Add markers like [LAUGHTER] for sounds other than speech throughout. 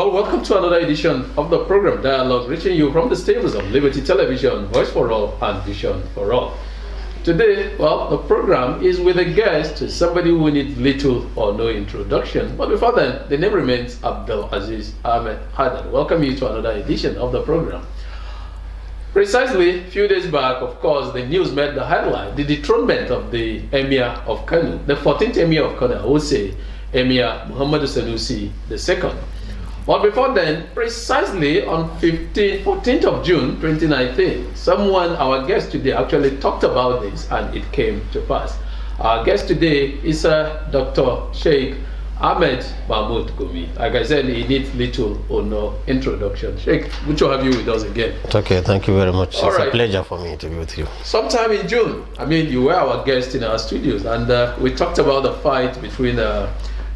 Well, welcome to another edition of the program Dialogue, reaching you from the stables of Liberty Television, Voice for All, and Vision for All. Today, well, the program is with a guest, somebody who needs little or no introduction. But before then, the name remains Abdel Aziz Ahmed Haddad. Welcome you to another edition of the program. Precisely a few days back, of course, the news made the headline the dethronement of the Emir of Kano, the 14th Emir of Kano, I would say Emir Muhammad Sanusi II. But before then, precisely on 15, 14th of June 2019, someone, our guest today, actually talked about this and it came to pass. Our guest today is uh, Dr. Sheikh Ahmed Mahmoud Gumi. Like I said, he needs little or no introduction. Sheikh, good to have you with us again. okay, thank you very much. All it's right. a pleasure for me to be with you. Sometime in June, I mean, you were our guest in our studios, and uh, we talked about the fight between uh,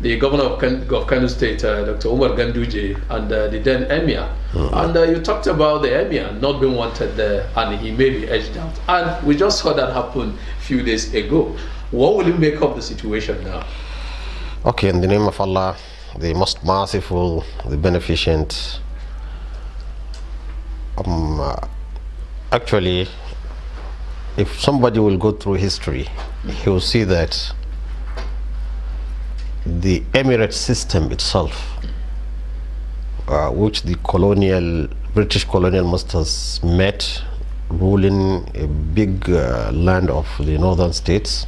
the governor of, of Kano State, uh, Dr. Umar Ganduje, and uh, the then emir. Mm -hmm. And uh, you talked about the emir not being wanted there, and he may be edged out. And we just saw that happen a few days ago. What will you make of the situation now? Okay, in the name of Allah, the most merciful, the beneficent. Um, uh, actually, if somebody will go through history, he will see that the emirate system itself, uh, which the colonial British colonial masters met ruling a big uh, land of the northern states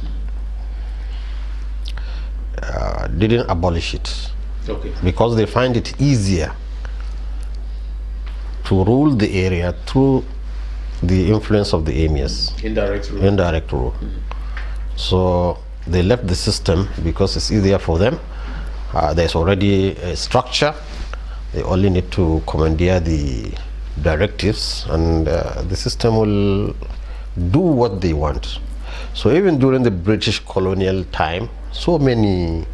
uh, didn't abolish it okay. because they find it easier to rule the area through the influence of the emirs indirect rule indirect rule mm -hmm. so they left the system because it's easier for them. Uh, there's already a structure. They only need to commandeer the directives and uh, the system will do what they want. So even during the British colonial time, so many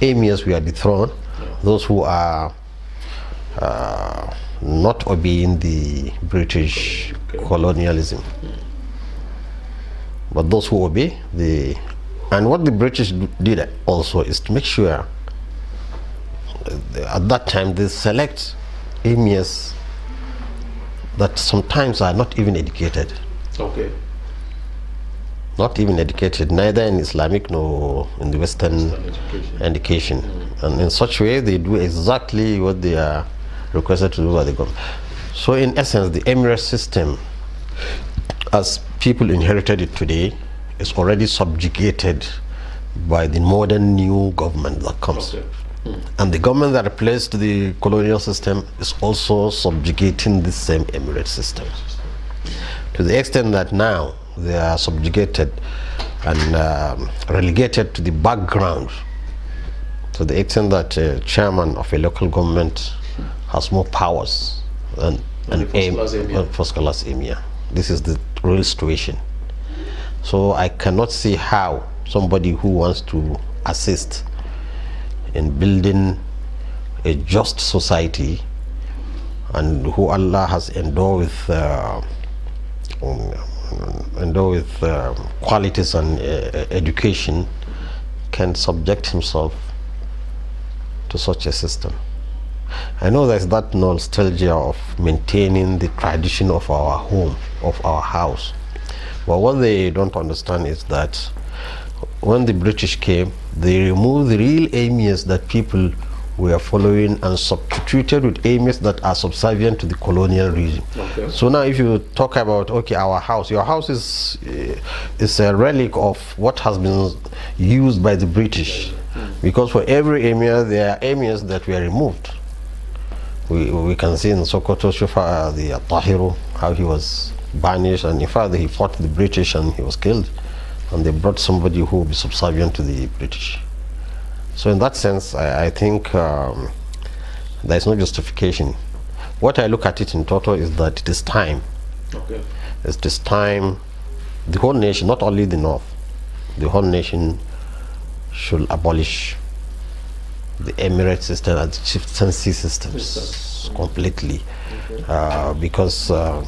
emirs were dethroned. Those who are uh, not obeying the British colonialism. But those who obey, they and what the British did also is to make sure at that time they select emirs that sometimes are not even educated. Okay. Not even educated, neither in Islamic nor in the Western education. education. Mm. And in such way, they do exactly what they are requested to do by the government. So, in essence, the emirate system, as people inherited it today, is already subjugated by the modern new government that comes. Okay. Mm. And the government that replaced the colonial system is also subjugating the same emirate system. To the extent that now they are subjugated and um, relegated to the background. To the extent that a chairman of a local government has more powers than an first, class emir. This is the real situation. So I cannot see how somebody who wants to assist in building a just society and who Allah has endowed with, uh, um, endowed with uh, qualities and uh, education can subject himself to such a system. I know there's that nostalgia of maintaining the tradition of our home, of our house. But what they don't understand is that when the British came, they removed the real emirs that people were following and substituted with emirs that are subservient to the colonial regime. Okay. So now if you talk about, okay, our house, your house is, uh, is a relic of what has been used by the British. Because for every emir, there are emirs that were removed we, we can see in Sokoto Shufa the Tahiru how he was banished and in fact he fought the British and he was killed and they brought somebody who would be subservient to the British. So in that sense I, I think um, there is no justification. What I look at it in total is that it is time. Okay. It is time the whole nation, not only the North, the whole nation should abolish the emirate system and the chieftaincy systems completely uh, because uh,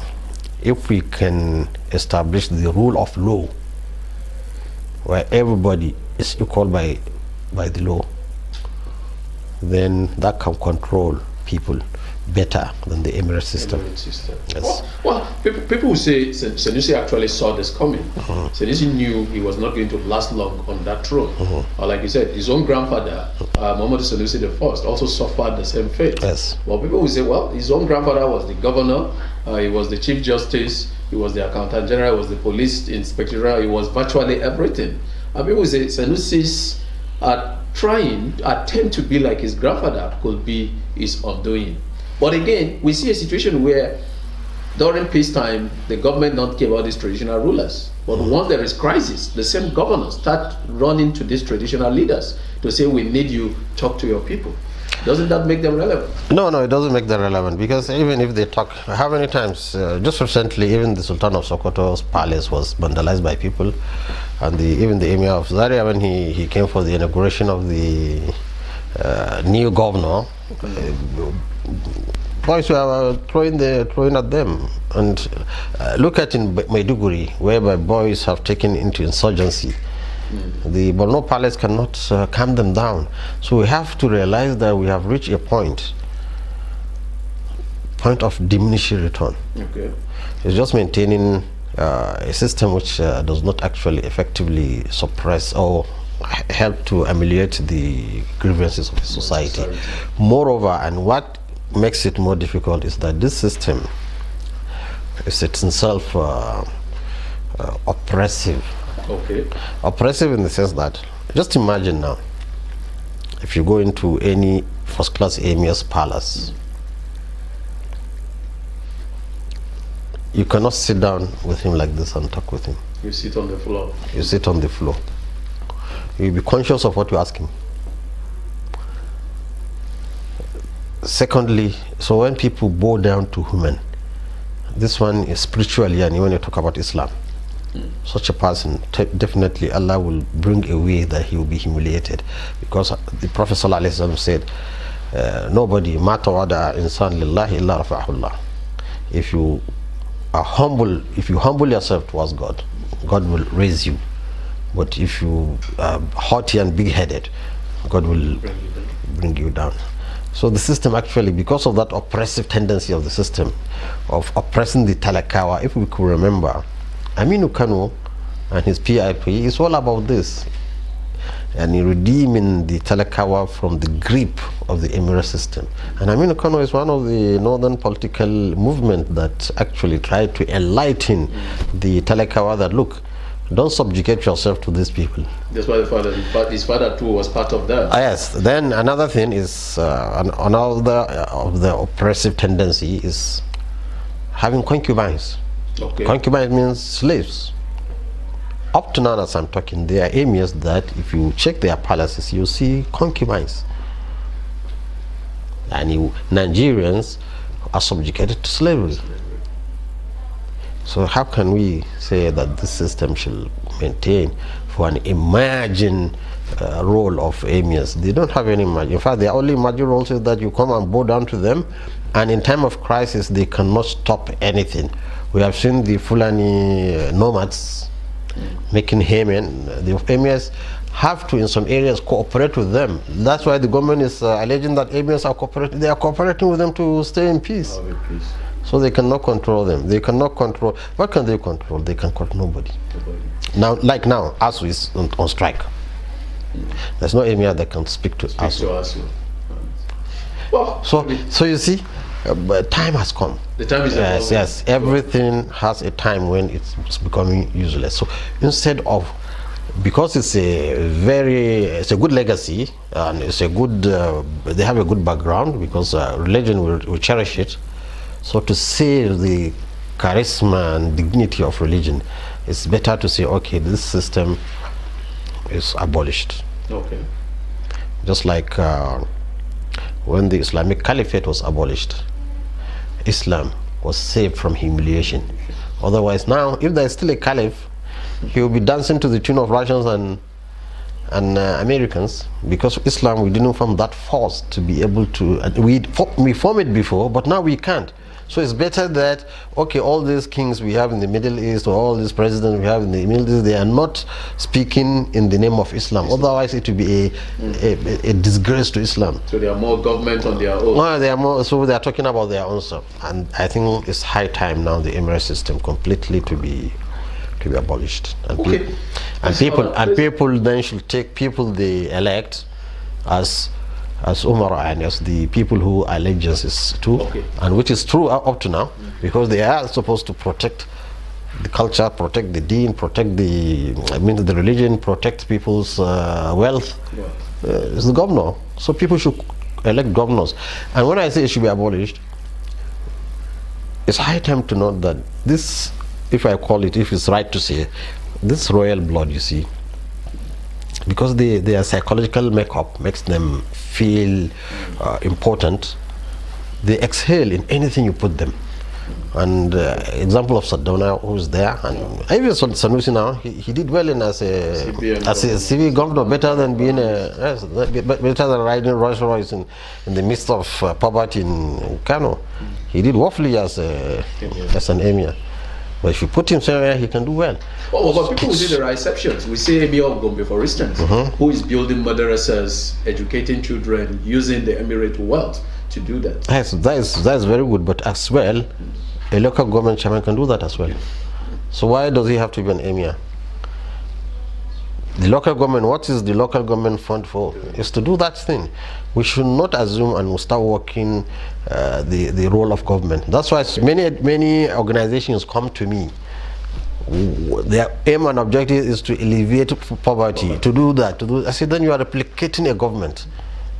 if we can establish the rule of law where everybody is equal by by the law then that can control people better than the Emirates system. Emirate system. Yes. Well, well people, people will say Senussi actually saw this coming. Mm-hmm. Uh-huh. Senussi knew he was not going to last long on that throne. Mm-hmm. Or like you said, his own grandfather, uh, Muhammad Senussi I, also suffered the same fate. Yes. Well, people will say, well, his own grandfather was the governor, uh, he was the chief justice, he was the accountant general, he was the police inspector general, he was virtually everything. And people will say Senussi's uh, trying, attempt to be like his grandfather could be his undoing. But again, we see a situation where during peacetime, the government don't care about these traditional rulers. But mm-hmm. once there is crisis, the same governors start running to these traditional leaders to say, we need you, talk to your people. Doesn't that make them relevant? No, no, it doesn't make them relevant because even if they talk, how many times, uh, just recently, even the Sultan of Sokoto's palace was vandalized by people, and the, even the Emir of Zaria, when he, he came for the inauguration of the uh, new governor, boys were throwing, the, throwing at them. And uh, look at in Maiduguri, whereby boys have taken into insurgency. The Borno Palace cannot uh, calm them down. So we have to realize that we have reached a point, point of diminishing return. Okay. It's just maintaining uh, a system which uh, does not actually effectively suppress or help to ameliorate the grievances of society. Moreover, and what makes it more difficult is that this system is itself uh, uh, oppressive. Okay. Oppressive in the sense that, just imagine now, if you go into any first class emir's palace, mm. you cannot sit down with him like this and talk with him. You sit on the floor. You sit on the floor you'll be conscious of what you're asking. Secondly, so when people bow down to human, this one is spiritually, and when you talk about Islam. Mm. Such a person, definitely Allah will bring a way that he will be humiliated. Because the Prophet said, uh, nobody, matawada insan lillahi illa rafa'ahullah. If you are humble, if you humble yourself towards God, God will raise you. But if you are haughty and big-headed, God will bring you, bring you down. So the system actually, because of that oppressive tendency of the system, of oppressing the Talakawa, if we could remember, Aminu Kano and his PIP is all about this. And redeeming the Talakawa from the grip of the Emira system. And Aminu Kano is one of the northern political movement that actually tried to enlighten the Talakawa that look, don't subjugate yourself to these people. That's why the father, his father too was part of that. Ah, yes. Then another thing is uh, another uh, of the oppressive tendency is having concubines. Okay. Concubines means slaves. Up to now, as I'm talking, there are emirs that, if you check their palaces, you see concubines. And you, Nigerians are subjugated to slavery. So how can we say that this system should maintain for an emerging uh, role of emirs? They don't have any margin. In fact, the only margin role is that you come and bow down to them, and in time of crisis, they cannot stop anything. We have seen the Fulani uh, nomads making haymen. The emirs have to, in some areas, cooperate with them. That's why the government is uh, alleging that emirs are cooperating. They are cooperating with them to stay in peace. Oh, in peace. So they cannot control them. They cannot control. What can they control? They can control nobody. Now, like now, ASU is on, on strike. Mm. There's no emir that can speak to speak ASU. To ASU. Well, so, so you see, uh, time has come. The time is yes, yes. Everything has a time when it's, becoming useless. So instead of because it's a very it's a good legacy and it's a good uh, they have a good background because uh, religion will, will cherish it so to save the charisma and dignity of religion, it's better to say, okay, this system is abolished. Okay. Just like uh, when the Islamic Caliphate was abolished, Islam was saved from humiliation. Otherwise, now, if there is still a caliph, he will be dancing to the tune of Russians and and uh, Americans because Islam we didn't form that force to be able to uh, we we formed it before but now we can't so it's better that, okay, all these kings we have in the Middle East or all these presidents we have in the Middle East, they are not speaking in the name of Islam. Islam. Otherwise, it would be a, a, a, disgrace to Islam. So they are more government on their own. No, they are more, so they are talking about their own stuff. And I think it's high time now the Emirate system completely to be to be abolished. And, okay. pe and people and people then should take people they elect as as umara and as the people who allegiances to, okay. and which is true uh, up to now, because they are supposed to protect the culture, protect the deen, protect the I mean the religion, protect people's uh, wealth. Yeah. Uh, it's the governor, so people should elect governors. And when I say it should be abolished, it's high time to note that this, if I call it, if it's right to say, this royal blood, you see, because they, their psychological makeup makes them feel uh, important, they exhale in anything you put them. And uh, example of Sadona who's there, and even Sanusi now, he, he did well in as a as a CV governor, better than being a yes, better than riding Rolls Royce in, in the midst of uh, poverty in Kano. He did woefully as a, as an emir. But if you put him somewhere, he can do well. Oh, well, but people will do there are exceptions. We see Emir of Gombe, for instance, mm -hmm. who is building madrasas, educating children, using the emirate wealth to do that. Yes, that is, that is very good. But as well, a local government chairman can do that as well. So why does he have to be an emir? The local government, what is the local government fund for? Is to do that thing we should not assume and we start working uh, the, the role of government. That's why many, many organizations come to me. Their aim and objective is to alleviate poverty, to do that, to do I say, then you are replicating a government.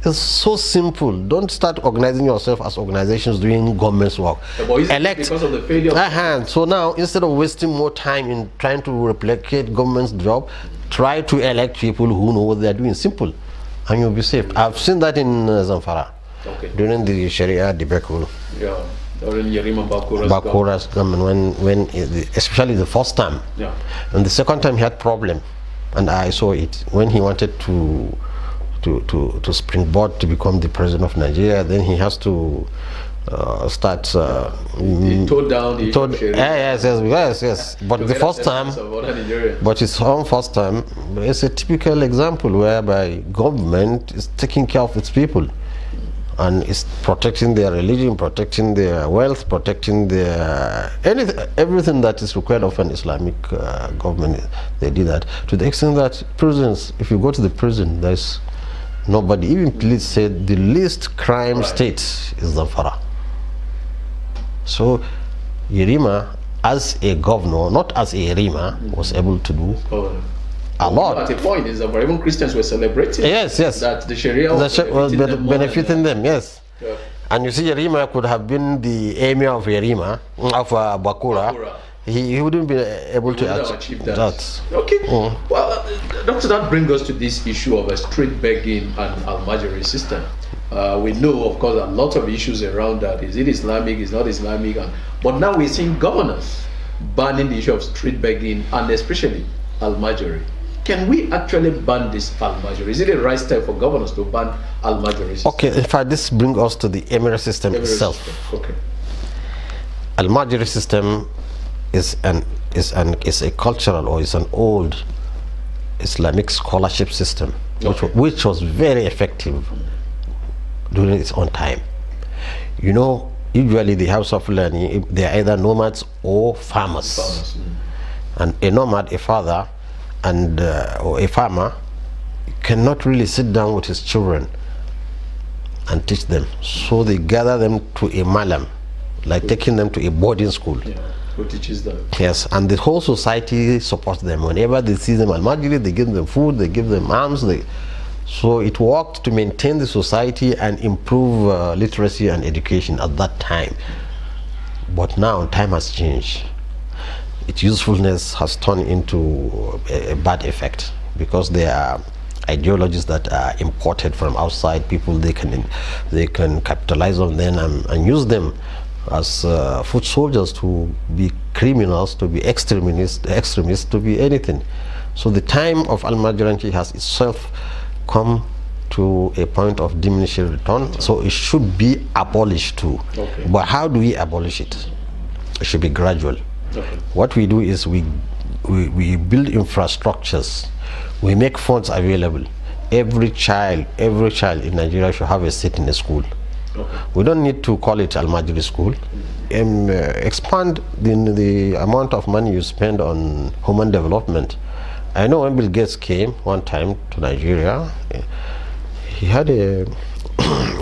It's so simple. Don't start organizing yourself as organizations doing government's work. Yeah, Elect. Because of the failure. uh -huh. So now, instead of wasting more time in trying to replicate government's job, try to elect people who know what they're doing. Simple and you'll be saved. I've seen that in uh, Zamfara okay. during the Sharia debacle. Yeah, during Yerima Bakura's, Bakura's government, when, when especially the first time. Yeah. And the second time he had problem, and I saw it when he wanted to to to to springboard to become the president of Nigeria. Then he has to uh, start. Uh, he, he mm, tore down the tore, yes, yes, yes, yes. But the first time, but his own first time, it's a typical example whereby government is taking care of its people and is protecting their religion, protecting their wealth, protecting their anything, everything that is required of an Islamic uh, government. They do that to the extent that prisons. If you go to the prison, there's nobody. Even police said the least crime right. state is Zamfara. So Yerima, as a governor, not as a Yerima, was able to do oh. a lot. At a point, is that even Christians were celebrating. Yes, yes. That the Sharia the sh was benefiting, them, benefiting them, yes. Yeah. And you see, Yerima could have been the emir of Yerima, of uh, Bakura. Bakura. He, he wouldn't be able to achieve that. that. Okay. Mm. Well, uh, doctor, that brings us to this issue of a street begging and almajiri system. Uh, we know, of course, a lot of issues around that. Is it Islamic? Is not Islamic? And, but now we're seeing governors banning the issue of street begging and especially al-majori. Can we actually ban this al-majori? Is it a right step for governors to ban al-majori? Okay, in fact, this brings us to the emirate system emirate itself. System. Okay. Al-majori system is an is an is a cultural or is an old Islamic scholarship system, okay. which, which was very effective during its own time. You know, usually the house of learning, they are either nomads or farmers. farmers yeah. Mm. And a nomad, a father, and uh, or a farmer cannot really sit down with his children and teach them. So they gather them to a malam, like taking them to a boarding school. Yeah. Who teaches them? Yes, and the whole society supports them. Whenever they see them al they give them food, they give them alms, they so it worked to maintain the society and improve uh, literacy and education at that time. But now time has changed. Its usefulness has turned into a, a bad effect because there are ideologies that are imported from outside people they can they can capitalize on them and, and use them as uh, foot soldiers to be criminals, to be extremists, extremists, to be anything. So the time of Al-Majuranchi has itself come to a point of diminishing return so it should be abolished too okay. but how do we abolish it it should be gradual okay. what we do is we, we we build infrastructures we make funds available every child every child in nigeria should have a seat in a school okay. we don't need to call it almajiri school mm-hmm. um, uh, expand the, the amount of money you spend on human development I know when Bill Gates came one time to Nigeria, he had a [CLEARS THROAT]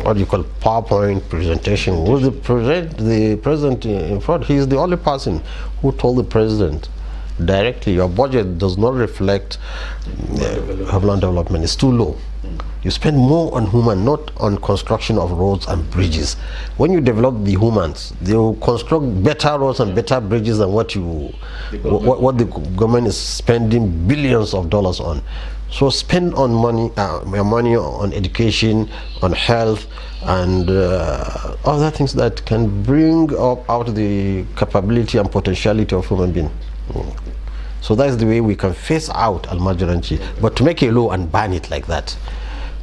what you call PowerPoint presentation. Was the present the president in front? He is the only person who told the president directly your budget does not reflect uh, development. development. It's too low you spend more on human, not on construction of roads and bridges. When you develop the humans, they will construct better roads and better bridges than what you, what, what the government is spending billions of dollars on. So spend on money, uh, money on education, on health, and uh, other things that can bring up out the capability and potentiality of human being. So that's the way we can face out al-majorancy, but to make a law and ban it like that.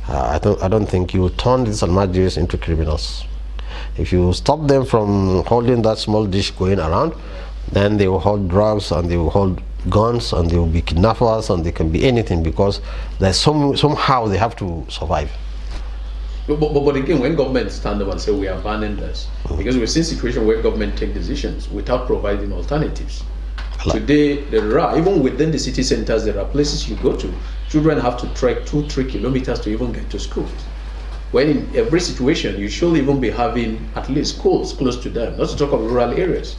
Uh, I, th I don't think you turn these Almajiris into criminals. If you stop them from holding that small dish going around, then they will hold drugs and they will hold guns and they will be kidnappers and they can be anything because there's some somehow they have to survive. But, but, but again, when governments stand up and say we are banning this, mm -hmm. because we've seen situation where government take decisions without providing alternatives. Today, there are, even within the city centers, there are places you go to. Children have to trek two, three kilometers to even get to school. When in every situation, you should even be having at least schools close to them, not to talk of rural areas.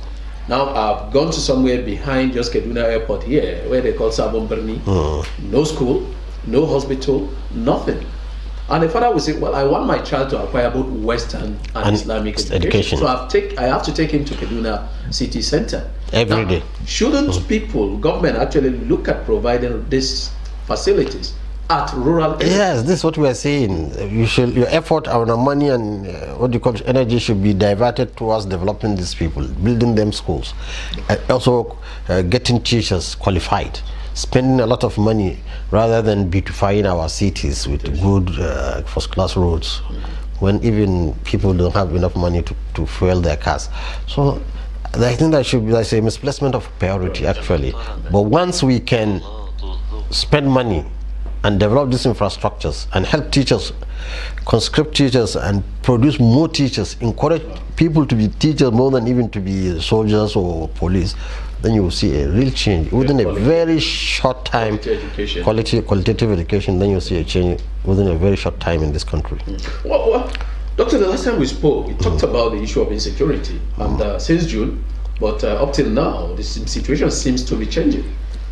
Now, I've gone to somewhere behind just Kaduna Airport here, where they call Sabon Berni. Oh. No school, no hospital, nothing. And the father would say, "Well, I want my child to acquire both Western and, and Islamic education. education. So I've take, I have to take him to Kaduna City Center every now, day. Shouldn't mm-hmm. people, government, actually look at providing these facilities at rural areas? Yes, this is what we are saying. You should, your effort, our money, and uh, what you call energy should be diverted towards developing these people, building them schools, uh, also uh, getting teachers qualified spending a lot of money rather than beautifying our cities with good uh, first-class roads mm-hmm. when even people don't have enough money to, to fuel their cars. So I think that should be that's a misplacement of priority actually. But once we can spend money and develop these infrastructures and help teachers, conscript teachers and produce more teachers, encourage people to be teachers more than even to be soldiers or police, then you will see a real change. Within a very short time, quality Quality, qualitative education, then you'll see a change within a very short time in this country. What, what? Doctor, the last time we spoke, we talked about the issue of insecurity, and uh, since June, but uh, up till now, the situation seems to be changing.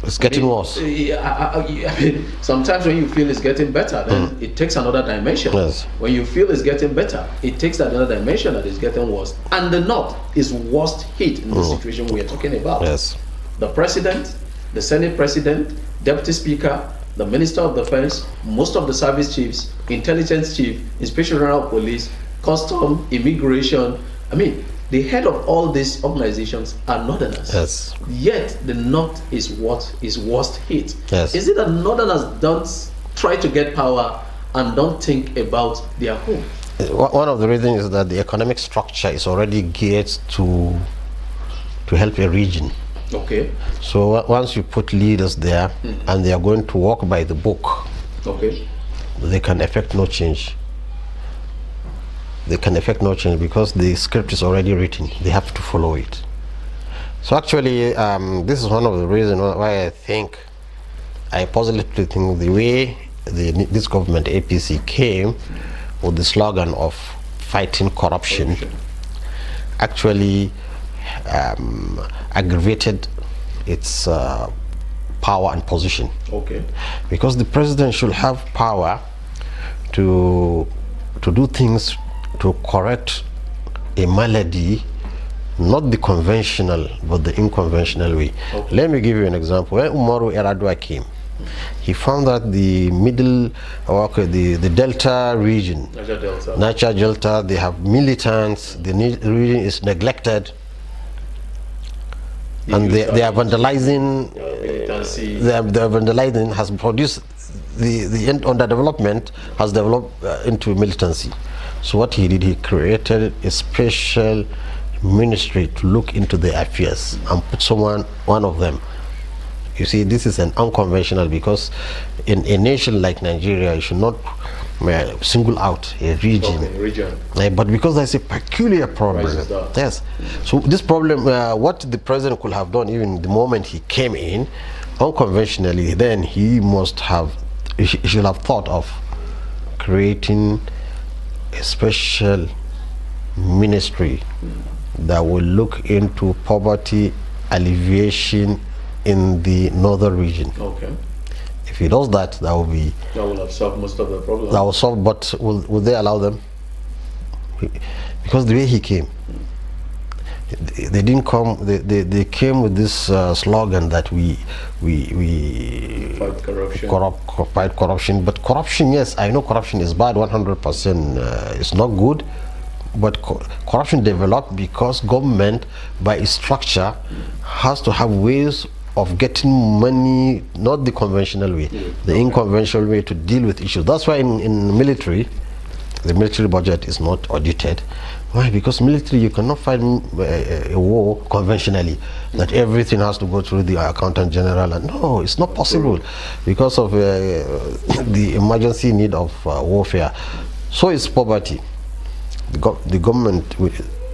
It's getting I mean, worse. Eh, I, I, I, mean, sometimes when you feel it's getting better, then mm. it takes another dimension. Yes. When you feel it's getting better, it takes another dimension that is getting worse. And the North is worst hit in the mm. situation we are talking about. Yes. The president, the Senate president, deputy speaker, the Minister of Defense, most of the service chiefs, intelligence chief, Special general police, custom, immigration. I mean, the head of all these organizations are northerners. Yes. Yet the north is what is worst hit. Yes. Is it that northerners don't try to get power and don't think about their home? One of the reasons is that the economic structure is already geared to to help a region. Okay. So once you put leaders there mm. and they are going to walk by the book, okay. they can effect no change. They can effect no change because the script is already written. They have to follow it. So actually, um, this is one of the reasons why I think I positively think the way the, this government APC came with the slogan of fighting corruption, corruption. actually um, aggravated its uh, power and position. Okay. Because the president should have power to to do things to correct a malady not the conventional but the unconventional way. Okay. Let me give you an example. When Umaru Eradua came, he found that the middle, okay, the, the delta region, Niger Delta. Niger Delta, they have militants, the region is neglected and the they are vandalizing. the they are, vandalizing has produced the the underdevelopment has developed uh, into militancy. So what he did, he created a special ministry to look into the affairs and put someone one of them. You see, this is an unconventional because in a nation like Nigeria, you should not were singled out a region, okay, region. Uh, but because there's a peculiar problem yes so this problem uh, what the president could have done even the moment he came in unconventionally then he must have he should have thought of creating a special ministry that will look into poverty alleviation in the northern region okay if he does that, that will be. That will have solved most of the problem. That will solve, but will, will they allow them? Because the way he came, they didn't come. They, they, they came with this uh, slogan that we we we fight corruption. Corrupt, fight corruption. But corruption, yes, I know corruption is bad. One hundred percent, uh, it's not good. But co corruption developed because government, by its structure, has to have ways of getting money, not the conventional way, the okay. unconventional way to deal with issues. That's why in, in military, the military budget is not audited. Why? Because military, you cannot fight a, uh, a war conventionally, that everything has to go through the accountant general. And no, it's not possible because of uh, [COUGHS] the emergency need of uh, warfare. So is poverty. The, go the government,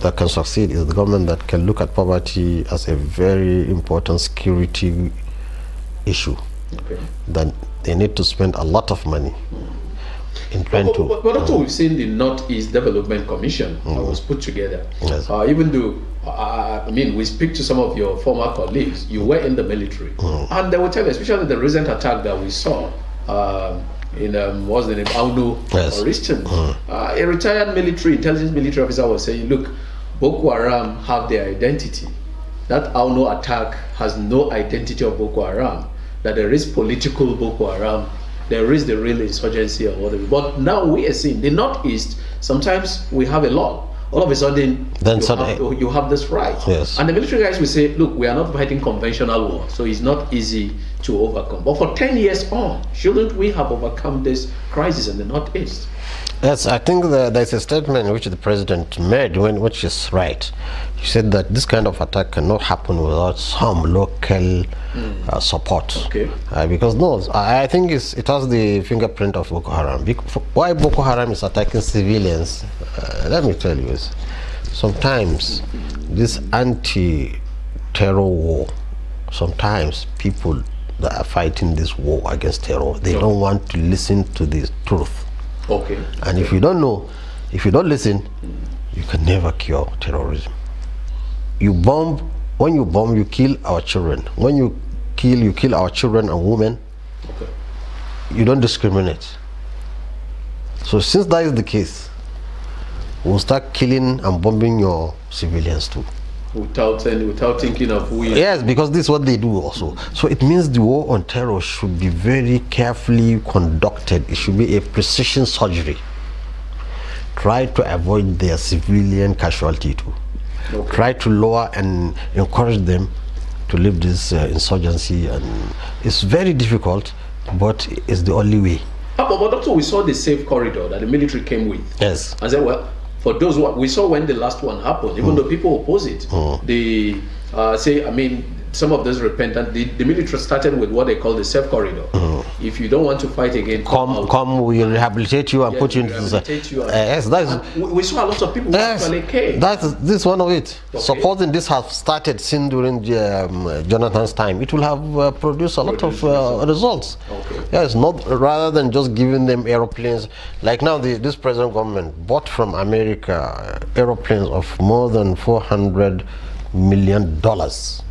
that can succeed is the government that can look at poverty as a very important security issue. Okay. Then they need to spend a lot of money in trying but, to. But, but that's um, uh, we've seen the Northeast Development Commission uh, mm, mm-hmm. that was put together. Yes. Uh, even though, uh, I mean, we speak to some of your former colleagues, you were in the military. Mm. And they will tell you, especially the recent attack that we saw. Um, in um, what's the name, Auno yes. Mm. Uh, a retired military intelligence military officer was saying, look, Boko Haram have their identity. That Auno attack has no identity of Boko Haram, that there is political Boko Haram, there is the real insurgency or whatever. But now we are seeing the Northeast, sometimes we have a lot. All of a sudden, then you, suddenly, have, you have this right. Yes. And the military guys will say, look, we are not fighting conventional war, so it's not easy to overcome. But for 10 years on, shouldn't we have overcome this crisis in the Northeast? Yes, I think there's a statement which the president made, when, which is right. He said that this kind of attack cannot happen without some local mm. uh, support. Okay. Uh, because no, I, think it has the fingerprint of Boko Haram. why Boko Haram is attacking civilians? Uh, let me tell you this. Sometimes this anti-terror war, sometimes people that are fighting this war against terror, they don't want to listen to the truth Okay. And if you don't know, if you don't listen, you can never cure terrorism. You bomb, when you bomb, you kill our children. When you kill, you kill our children and women. Okay. You don't discriminate. So since that is the case, we'll start killing and bombing your civilians too without any, without thinking of who. Yes, because this is what they do also. So it means the war on terror should be very carefully conducted. It should be a precision surgery. Try to avoid their civilian casualty too. Okay. Try to lower and encourage them to leave this uh, insurgency, and it's very difficult, but it's the only way. Ah, but, but, doctor, we saw the safe corridor that the military came with. Yes. I said, well, for those who we saw when the last one happened, even mm. though people oppose it, mm. they uh, say, I mean, some of those repentant, the, the, military started with what they call the safe corridor. Mm. If you don't want to fight again, come, come, come we will rehabilitate you and yeah, put you into the. Uh, yes, that is. We, we, saw a lot of people yes, actually came. That is this one of it. Okay. Supposing this has started since during um, Jonathan's time, it will have uh, produced a produced lot of uh, results. Okay. Yes, not rather than just giving them aeroplanes like now. The, this present government bought from America uh, aeroplanes of more than four hundred million dollars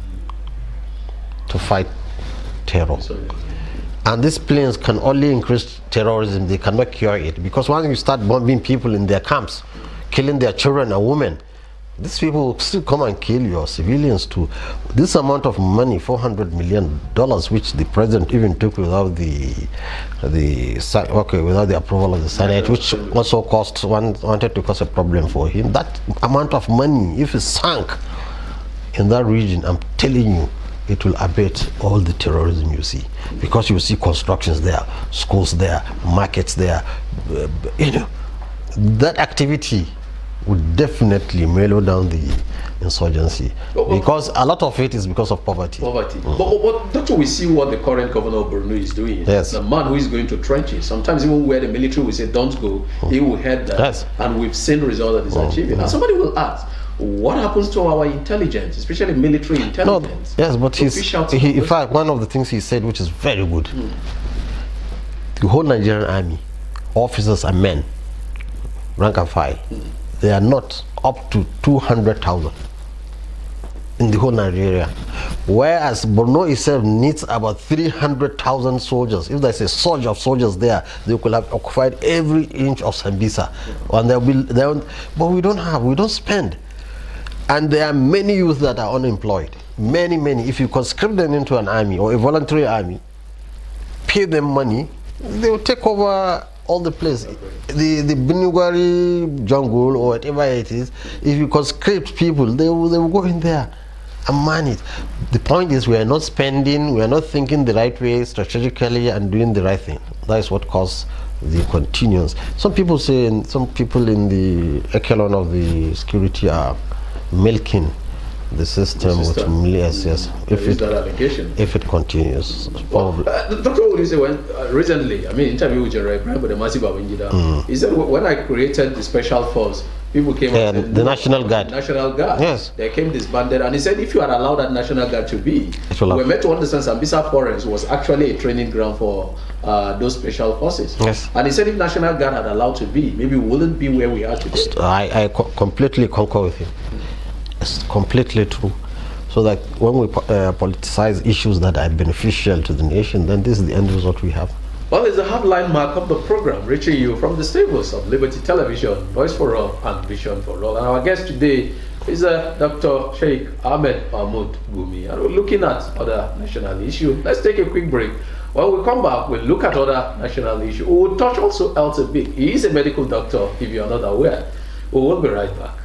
to fight terror. And these planes can only increase terrorism, they cannot cure it. Because once you start bombing people in their camps, killing their children and women, these people will still come and kill your civilians too. This amount of money, $400 million, which the president even took without the, the okay, without the approval of the Senate, which also cost, one, wanted to cause a problem for him. That amount of money, if it sank in that region, I'm telling you, it will abate all the terrorism you see because you see constructions there schools there markets there uh, you know that activity would definitely mellow down the insurgency because a lot of it is because of poverty. Poverty. Mm. But, but don't we see what the current governor of Brunei is doing? Yes. The man who is going to trenches, sometimes even where the military will say don't go, mm. he will head that. Yes. And we've seen results that he's mm. achieving. Now mm. somebody will ask, what happens to our intelligence, especially military intelligence? No, yes, but he's, he, in fact, one of the things he said, which is very good, mm. the whole Nigerian army, officers and men, rank and file, mm. they are not up to 200,000 in the whole Nigeria. Whereas Borno itself needs about 300,000 soldiers. If there's a surge of soldiers there, they could have occupied every inch of Sambisa. And there will be, will but we don't have, we don't spend. And there are many youth that are unemployed. Many, many. If you conscript them into an army or a voluntary army, pay them money, they will take over all the place. The, the Binugari jungle or whatever it is, if you conscript people, they will, they will go in there and man it. The point is we are not spending, we are not thinking the right way strategically and doing the right thing. That is what causes the continuance. Some people say, some people in the echelon of the security are milking the system, the with yes, yes. if it, if it continues, probably. Well, uh, Doctor, you when uh, recently? I mean, interview with General Ibrahim the massive Mm. Is that when I created the special force? People came yeah, the, the National Guard. National Guard. Yes. They came disbanded, and he said, if you had allowed that National Guard to be, we were meant to understand Sambisa Forest was actually a training ground for uh, those special forces. Yes. And he said, if National Guard had allowed to be, maybe we wouldn't be where we are today. I, I co completely concur with him. Mm. It's completely true. So that when we uh, politicize issues that are beneficial to the nation, then this is the end result we have. Well, it's a hotline mark of the program reaching you from the stables of Liberty Television, Voice for All, and Vision for All. And our guest today is uh, Dr. Sheikh Ahmed Mahmoud Gumi. And we're looking at other national issues. Let's take a quick break. When we come back, we'll look at other national issues. We'll touch also else a bit. He is a medical doctor, if you're not aware. We will be right back.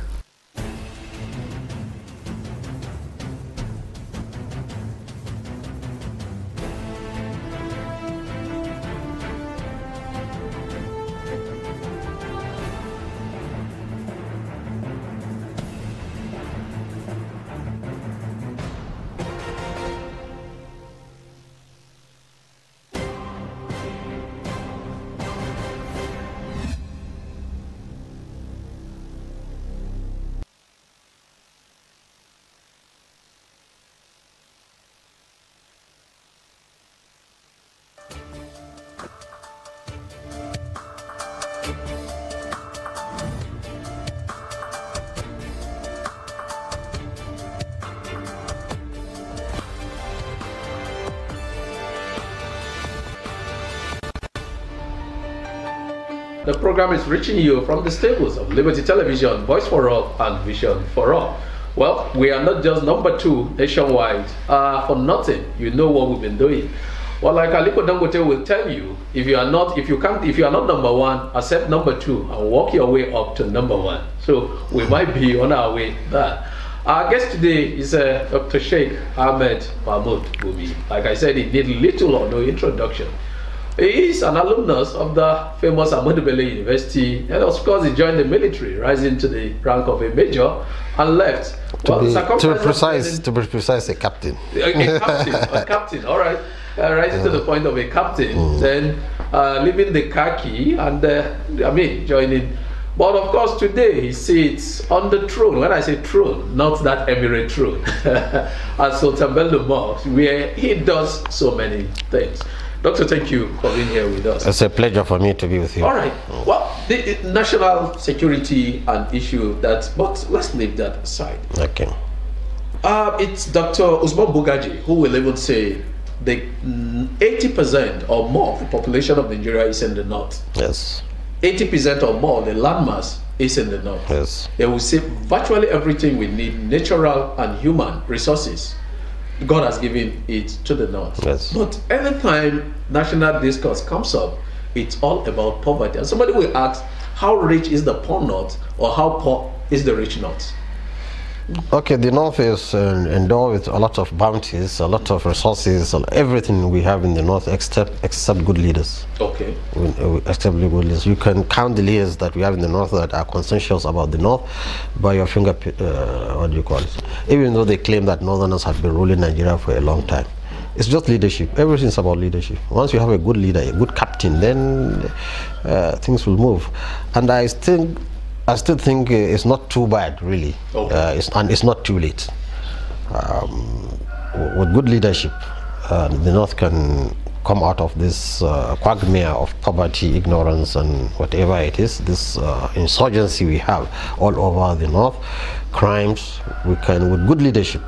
program is reaching you from the stables of Liberty Television, Voice for All, and Vision for All. Well, we are not just number two nationwide. Uh, for nothing, you know what we've been doing. Well, like Aliko Dangote will tell you, if you are not, if you can't, if you are not number one, accept number two and walk your way up to number one. So we might be on our way there. Our guest today is uh, Dr. Sheikh Ahmed Mahmoud Bumi. Like I said, he did little or no introduction. He is an alumnus of the famous Ahmadu University, and of course, he joined the military, rising to the rank of a major, and left. To, well, be, to be precise, to be precise, a captain. A, [LAUGHS] a captain, a [LAUGHS] captain. All right, uh, rising uh, to the point of a captain, mm. then uh, leaving the khaki, and uh, I mean joining. But of course, today he sits on the throne. When I say throne, not that emirate throne, at [LAUGHS] Sultan Bello where he does so many things. Doctor, thank you for being here with us. It's a pleasure for me to be with you. All right. Well, the national security and issue that, but let's leave that aside. Okay. Uh, it's Dr. Usman Bugaji who will even say the 80% mm, or more of the population of Nigeria is in the north. Yes. 80% or more of the landmass is in the north. Yes. They will see virtually everything we need, natural and human resources God has given it to the North. Yes. But anytime national discourse comes up, it's all about poverty. And somebody will ask, how rich is the poor North or how poor is the rich North? Okay, the North is uh, endowed with a lot of bounties, a lot of resources, everything we have in the North except except good leaders. Okay. We, uh, except good leaders. You can count the leaders that we have in the North that are conscientious about the North by your finger, uh, what do you call it? Even though they claim that Northerners have been ruling Nigeria for a long time. It's just leadership. Everything's about leadership. Once you have a good leader, a good captain, then uh, things will move. And I think I still think uh, it's not too bad, really. Okay. Uh, it's, and it's not too late. Um, with good leadership, uh, the North can come out of this uh, quagmire of poverty, ignorance, and whatever it is, this uh, insurgency we have all over the North, crimes, we can, with good leadership,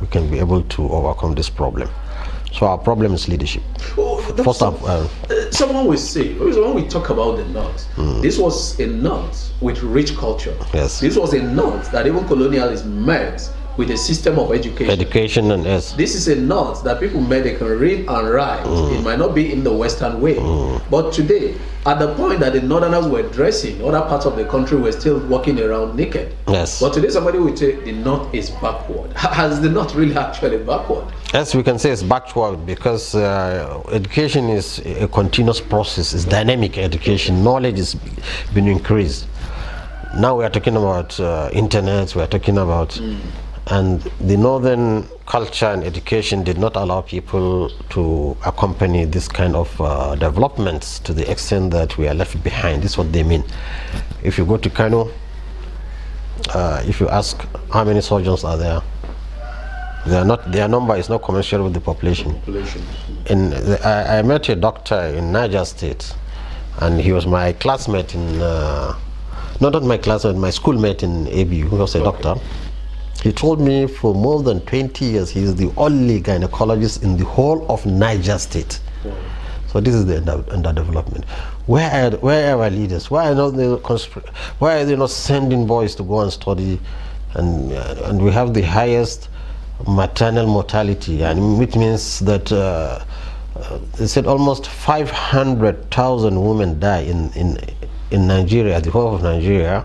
we can be able to overcome this problem. So our problem is leadership. Oh, First up, uh, uh someone will say, when we talk about the North, mm. this was a North with rich culture. Yes. This was a North that even colonialism met with a system of education. Education and yes. This is a knot that people made they can read and write. Mm. It might not be in the Western way. Mm. But today, at the point that the Northerners were dressing, other parts of the country were still walking around naked. Yes. But today somebody will say the knot is backward. [LAUGHS] Has the knot really actually backward? Yes, we can say it's backward because uh, education is a continuous process. It's dynamic education. Knowledge is being increased now we are talking about uh, internet we are talking about mm and the northern culture and education did not allow people to accompany this kind of uh, developments to the extent that we are left behind this is what they mean if you go to Kano uh, if you ask how many soldiers are there they are not their number is not commensurate with the population, population. in the, I, I, met a doctor in Niger state and he was my classmate in uh, no, not my classmate my schoolmate in ABU he was a okay. doctor he told me for more than 20 years he is the only gynecologist in the whole of Niger State. So this is the underdevelopment. Where are, where are our leaders? Why are, not they, why are they not sending boys to go and study? And, uh, and we have the highest maternal mortality, and it means that uh, uh, they said almost 500,000 women die in, in, in Nigeria, the whole of Nigeria,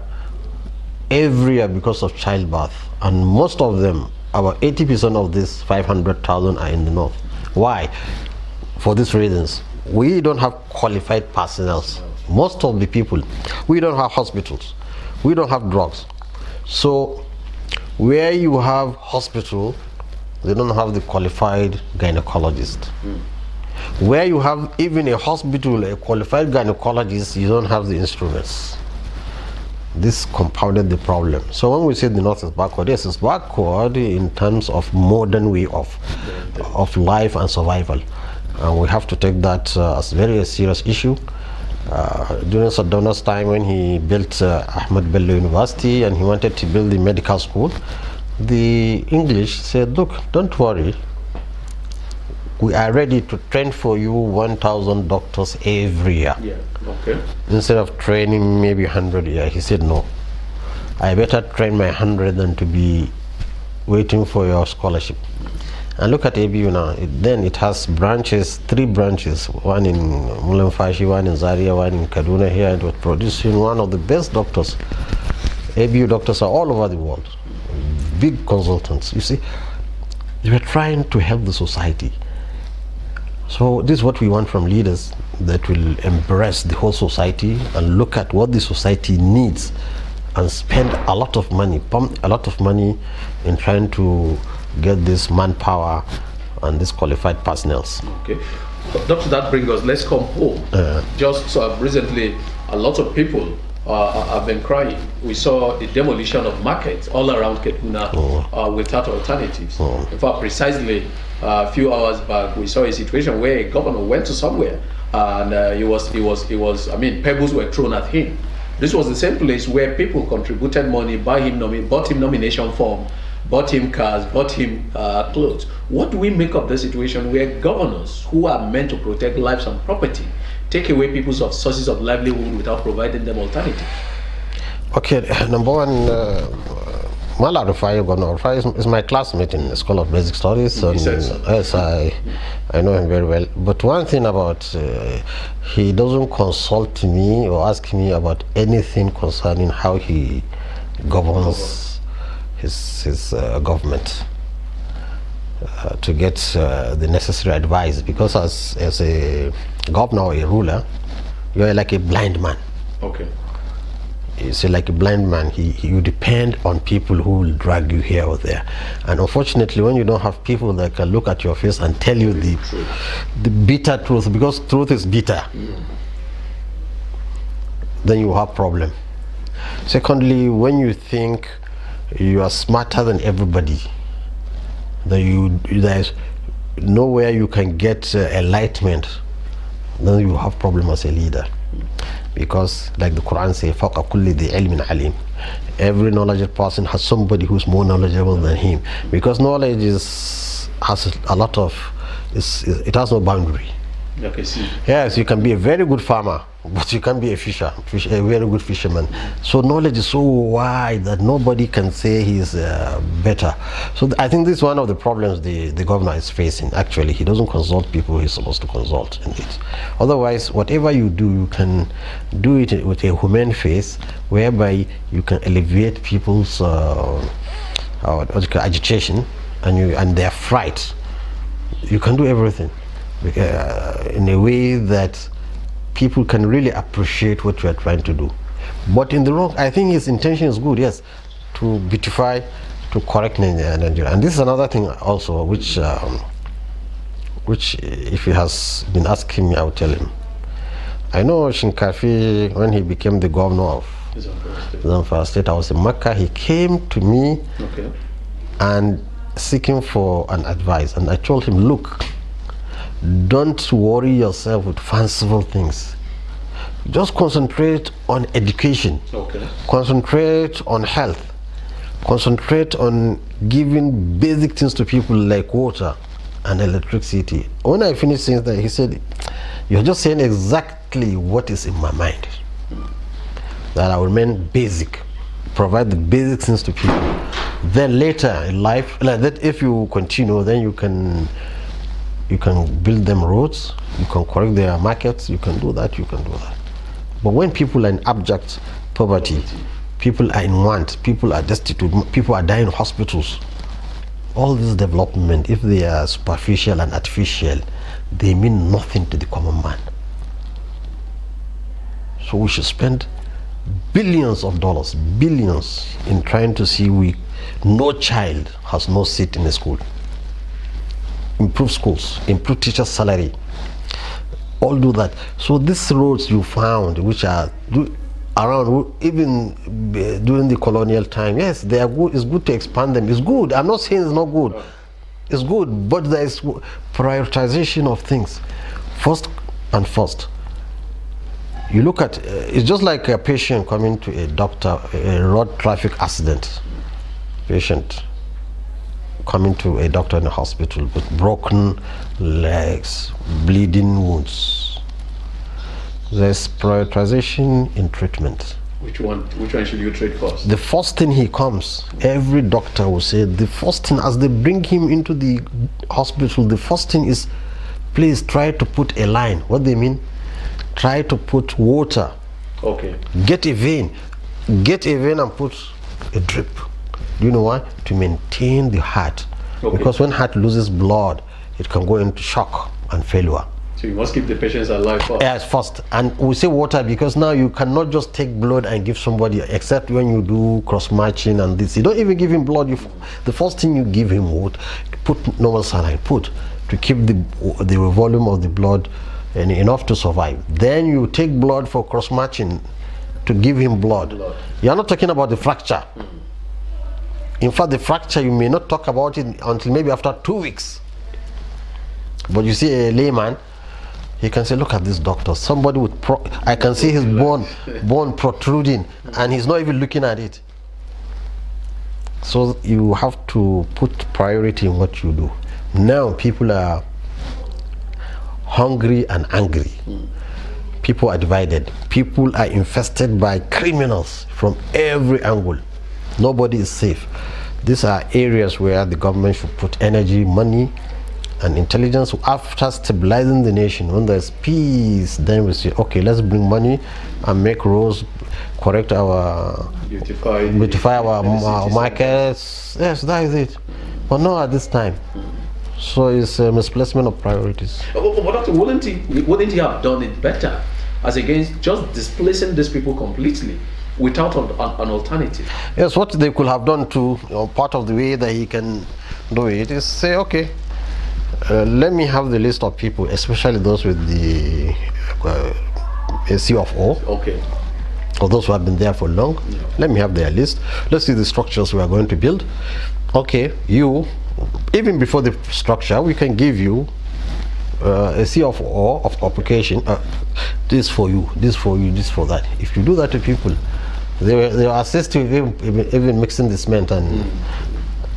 every year because of childbirth and most of them about 80% of these 500,000 are in the north why for these reasons we don't have qualified personnel most of the people we don't have hospitals we don't have drugs so where you have hospital they don't have the qualified gynecologist mm. where you have even a hospital a qualified gynecologist you don't have the instruments this compounded the problem. So when we say the North is backward, yes, it's backward in terms of modern way of of life and survival, and we have to take that uh, as very a serious issue. Uh, during Saddam's time, when he built uh, Ahmed Bello University and he wanted to build the medical school, the English said, "Look, don't worry, we are ready to train for you 1,000 doctors every year. Yeah. Okay. Instead of training maybe 100 a year, he said, no. I better train my 100 than to be waiting for your scholarship. And look at ABU now. It, then it has branches, three branches, one in Mulanfashi, one in Zaria, one in Kaduna here. It was producing one of the best doctors. ABU doctors are all over the world, big consultants. You see, they were trying to help the society so this is what we want from leaders that will embrace the whole society and look at what the society needs and spend a lot of money, pump a lot of money in trying to get this manpower and this qualified personnel. Okay. Doctor, that brings us, let's come home. Uh, Just uh, recently, a lot of people uh, uh have been crying. We saw the demolition of markets all around Kaduna oh. Uh, without alternatives. Oh. In fact, precisely a few hours back, we saw a situation where a governor went to somewhere and uh, he was, he was, he was, I mean, pebbles were thrown at him. This was the same place where people contributed money, buy him nomi- bought him nomination form, bought him cars, bought him uh, clothes. What do we make of the situation where governors who are meant to protect lives and property take away people's of sources of livelihood without providing them alternative? Okay, [LAUGHS] number one, uh, Mala Rufai, Governor Rufai is, my classmate in the School of Basic Studies. Mm, and so. Uh, yes, I, I know him very well. But one thing about uh, he doesn't consult me or ask me about anything concerning how he governs his, his uh, government. Uh, to get uh, the necessary advice because as, as a governor or a ruler, you are like a blind man. Okay it's like a blind man. He, he, you depend on people who will drag you here or there. And unfortunately, when you don't have people that can look at your face and tell you the, the bitter truth, because truth is bitter, yeah. then you have problem. Secondly, when you think you are smarter than everybody, that you there's nowhere you can get uh, enlightenment, then you have problem as a leader because like the Quran says, فَوْقَ Every knowledgeable person has somebody who's more knowledgeable than him because knowledge is has a lot of, it has no boundary. Yes, you can be a very good farmer but you can be a fisher, fish, a very good fisherman. So knowledge is so wide that nobody can say he's uh, better. So I think this is one of the problems the, the governor is facing, actually. He doesn't consult people he's supposed to consult in it. Otherwise, whatever you do, you can do it with a humane face, whereby you can alleviate people's uh, uh agitation and, you, and their fright. You can do everything uh, in a way that people can really appreciate what you are trying to do. But in the wrong, I think his intention is good, yes, to beautify, to correct uh, Nigeria. And this is another thing also, which, um, which uh, if he has been asking me, I will tell him. I know Shinkafi, when he became the governor of Zamfara State, I was in Makkah, he came to me okay. and seeking for an advice. And I told him, look, don't worry yourself with fanciful things. Just concentrate on education. Okay. Concentrate on health. Concentrate on giving basic things to people like water and electricity. When I finished saying that, he said, You're just saying exactly what is in my mind. That I will mean basic, provide the basic things to people. Then later in life, like that if you continue, then you can you can build them roads, you can correct their markets, you can do that, you can do that. But when people are in abject poverty, people are in want, people are destitute, people are dying in hospitals, all this development, if they are superficial and artificial, they mean nothing to the common man. So we should spend billions of dollars, billions, in trying to see we, no child has no seat in a school improve schools, improve teachers' salary, all do that. So these roads you found, which are do, around even uh, during the colonial time, yes, they are good. It's good to expand them. It's good. I'm not saying it's not good. It's good, but there is prioritization of things. First and first, you look at uh, it's just like a patient coming to a doctor, a road traffic accident patient coming to a doctor in a hospital with broken legs, bleeding wounds. There's prioritization in treatment. Which one? Which one should you treat first? The first thing he comes, every doctor will say the first thing as they bring him into the hospital, the first thing is, please try to put a line. What do they mean? Try to put water. Okay. Get a vein. Get a vein and put a drip. Do you know why? To maintain the heart. Okay. Because when heart loses blood, it can go into shock and failure. So you must keep the patients alive first. Yes, first. And we say water because now you cannot just take blood and give somebody, except when you do cross matching and this. You don't even give him blood. You, the first thing you give him would put normal saline, put to keep the the volume of the blood and enough to survive. Then you take blood for cross matching to give him blood. blood. You are not talking about the fracture. Mm -hmm. In fact, the fracture, you may not talk about it until maybe after two weeks. But you see a layman, he can say, look at this doctor, somebody with, I can see his bone, [LAUGHS] bone protruding, and he's not even looking at it. So you have to put priority in what you do. Now people are hungry and angry. People are divided. People are infested by criminals from every angle. Nobody is safe. These are areas where the government should put energy, money, and intelligence. After stabilizing the nation, when there's peace, then we say, okay, let's bring money and make roads, correct our, beautify, beautify our, our uh, markets. Yes, that is it. But not at this time. So it's a misplacement of priorities. But wouldn't he, wouldn't he have done it better as against just displacing these people completely? without an, an, alternative. Yes, what they could have done to you know, part of the way that he can do it is say, okay, uh, let me have the list of people, especially those with the uh, C of O. Okay. Or those who have been there for long. Yeah. Let me have their list. Let's see the structures we are going to build. Okay, you, even before the structure, we can give you uh, a sea of all of application. Uh, this for you, this for you, this for that. If you do that to people, they were, they were assist with even mixing the cement and mm.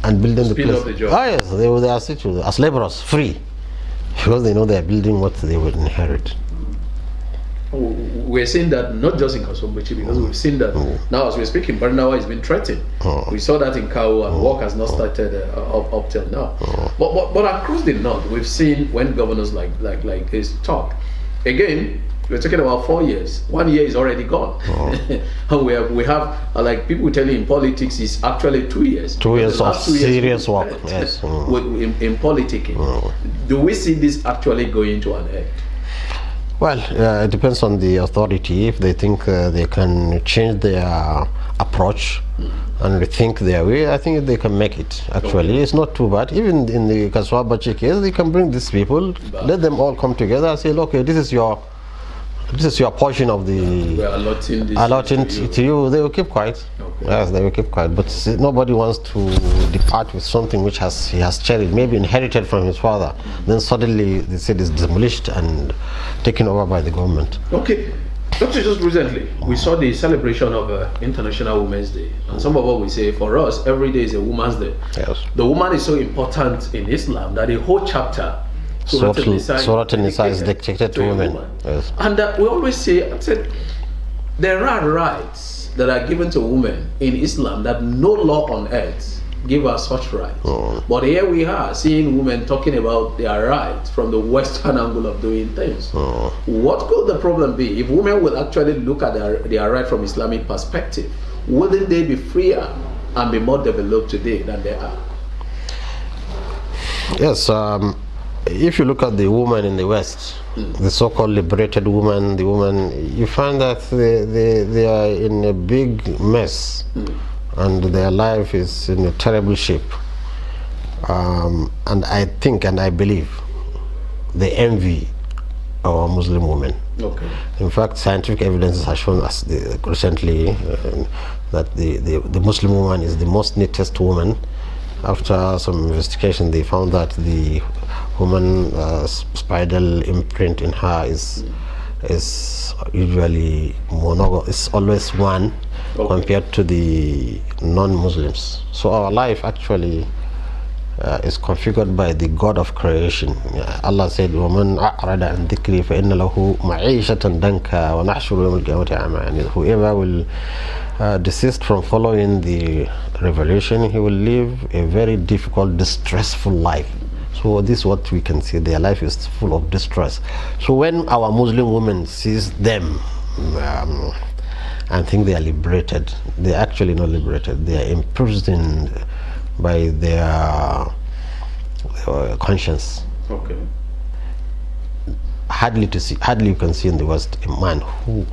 and building the place. The job. Ah yes, they were they assist as laborers free because they know they are building what they will inherit. We're seeing that not just in Kasombochi because mm. we've seen that mm. now as we're speaking, it's been threatened. Mm. We saw that in Kau and mm. work has not mm. started uh, up, up, till now. But, but but across the north, we've seen when governors like like like this talk again we're talking about four years. One year is already gone. Oh. [LAUGHS] we, have, we have, uh, like people tell you in politics, is actually two years. Two years of two serious years, work, [LAUGHS] yes. Mm. In, in politics. Mm. Do we see this actually going to an end? Well, uh, it depends on the authority. If they think uh, they can change their approach mm. and rethink their way, I think they can make it. Actually, okay. it's not too bad. Even in the Kaswabachi case, they can bring these people, but let them all come together and say, "Look, okay, this is your this is your portion of the. We're allotting this. Allotting to you. to you. They will keep quiet. Okay. Yes, they will keep quiet. But see, nobody wants to depart with something which has he has cherished, maybe inherited from his father. Then suddenly the city is demolished and taken over by the government. Okay. Doctor, just recently, we saw the celebration of uh, International Women's Day. And some of us we say, for us, every day is a woman's day. Yes. The woman is so important in Islam that a whole chapter Surah Al-Nisa is dictated to, women. women. Yes. And uh, we always say, I said, there are rights that are given to women in Islam that no law on earth give us such rights. Oh. But here we are seeing women talking about their rights from the Western [LAUGHS] angle of doing things. Oh. What could the problem be if women would actually look at their, their right from Islamic perspective? Wouldn't they be freer and be more developed today than they are? Yes. Um if you look at the woman in the West, mm. the so-called liberated woman, the woman, you find that they, they, they are in a big mess mm. and their life is in a terrible shape. Um, and I think and I believe they envy our Muslim women. Okay. In fact, scientific evidence has shown us the, recently uh, that the, the, the Muslim woman is the most neatest woman after some investigation, they found that the human uh, imprint in her is is usually monogamous. It's always one okay. compared to the non-Muslims. So our life actually uh, is configured by the God of creation. Uh, Allah said, "Woman أعرض عن فإن له معيشة دنكا ونحشر يوم whoever will uh, desist from following the revelation, he will live a very difficult, distressful life. So this is what we can see. Their life is full of distress. So when our Muslim woman sees them um, and think they are liberated, they are actually not liberated. They are imprisoned by their, uh, conscience. Okay. Hardly to see, hardly you can see in the West a man who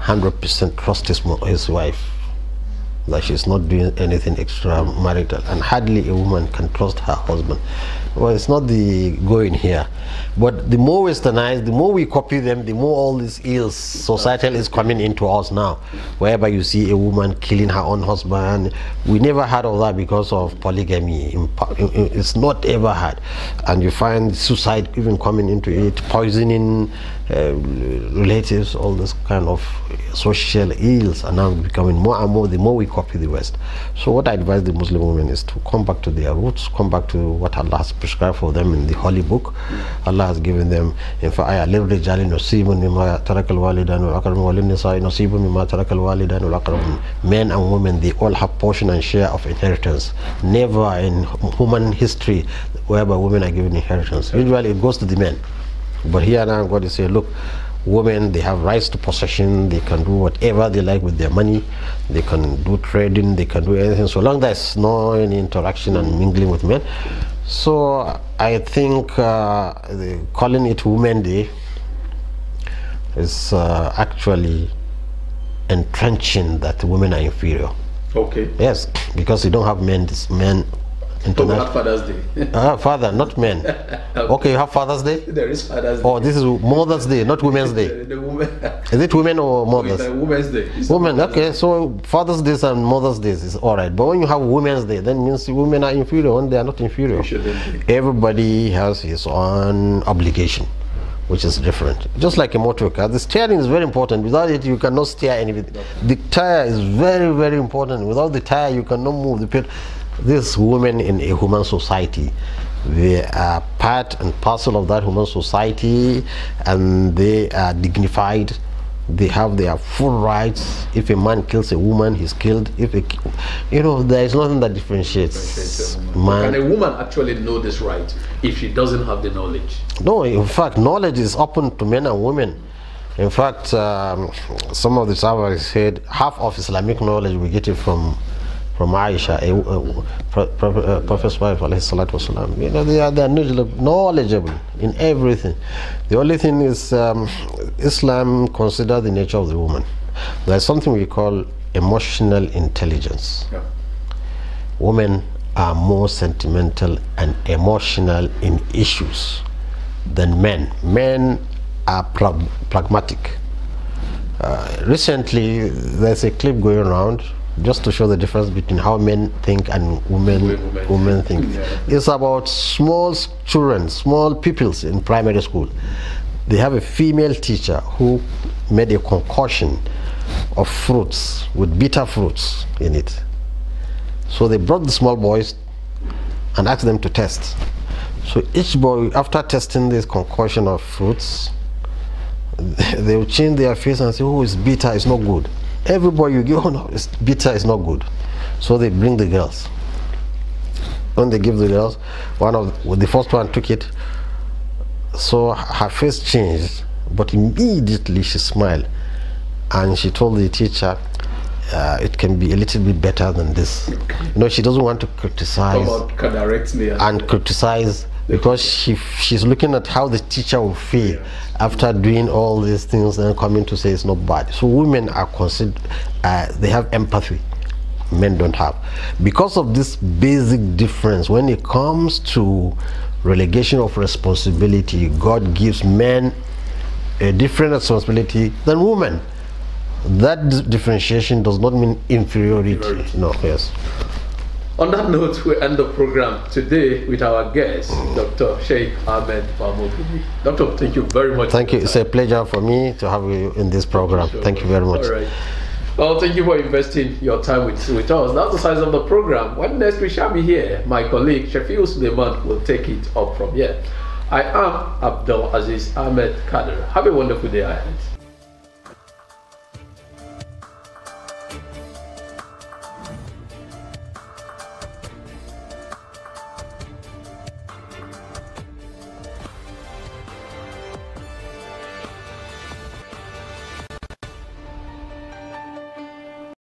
100% trusts his, his wife that she's not doing anything extramarital and hardly a woman can trust her husband well, it's not the going here. But the more westernized, the more we copy them, the more all these ills, societal is coming into us now. Wherever you see a woman killing her own husband, we never heard of that because of polygamy. It's not ever had. And you find suicide even coming into it, poisoning, uh, relatives, all this kind of social ills are now becoming more and more the more we copy the West. So what I advise the Muslim women is to come back to their roots, come back to what Allah has prescribed for them in the Holy Book. Allah has given them, in fact, Men and women, they all have portion and share of inheritance. Never in human history whereby women are given inheritance. Usually it goes to the men. But here now God is saying, look, women, they have rights to possession. They can do whatever they like with their money. They can do trading. They can do anything. So long there's no any interaction and mingling with men. So I think uh, calling it Women Day is uh, actually entrenching that women are inferior. Okay. Yes, because you don't have men, men International. Oh, Father's Day. [LAUGHS] ah, father, not men. [LAUGHS] okay. okay. you have Father's Day? There is Father's oh, Day. Oh, this is Mother's Day, not Women's Day. [LAUGHS] the, woman. Is it women or mothers? a women's Day. It's women, women's okay. Day. So Father's Day and Mother's Day is all right. But when you have Women's Day, then means women are inferior when they are not inferior. Everybody has his own obligation which is different. Just like a motor car, the steering is very important. Without it, you cannot steer anything. The tire is very, very important. Without the tire, you cannot move the pedal these women in a human society they are part and parcel of that human society and they are dignified they have their full rights if a man kills a woman he's killed if a you know there is nothing that differentiates, differentiates man and a woman actually know this right if she doesn't have the knowledge no in fact knowledge is open to men and women in fact um, some of the scholars said half of islamic knowledge we get it from from Aisha, a, a, a, uh, Prophet's wife, والسلام, you know, they are, they are knowledgeable in everything. The only thing is um, Islam considers the nature of the woman. There's something we call emotional intelligence. Yeah. Women are more sentimental and emotional in issues than men. Men are pra pragmatic. Uh, recently, there's a clip going around just to show the difference between how men think and women women, women think. Yeah. It's about small children, small pupils in primary school. They have a female teacher who made a concoction of fruits with bitter fruits in it. So they brought the small boys and asked them to test. So each boy, after testing this concoction of fruits, [LAUGHS] they will change their face and say, oh, it's bitter, it's not good. Everybody you give, [LAUGHS] oh no, it's bitter is not good. So they bring the girls. When they give the girls, one of the first one took it. So her face changed, but immediately she smiled and she told the teacher, uh, it can be a little bit better than this. You know, she doesn't want to criticize and, and criticize because she she's looking at how the teacher will feel after doing all these things and coming to say it's not bad. So women are considered uh, they have empathy, men don't have, because of this basic difference. When it comes to relegation of responsibility, God gives men a different responsibility than women. That differentiation does not mean inferiority. inferiority. No, yes. On that note, we end the program today with our guest, Dr. Sheikh Ahmed Mahmoudi. Doctor, thank you very much. Thank you. It's a pleasure for me to have you in this program. Thank you, thank you very much. All right. Well, thank you for investing your time with, with us. That's the size of the program. When next we shall be here, my colleague Shafiul Suleiman will take it up from here. I am Abdul Aziz Ahmed Kader. Have a wonderful day ahead.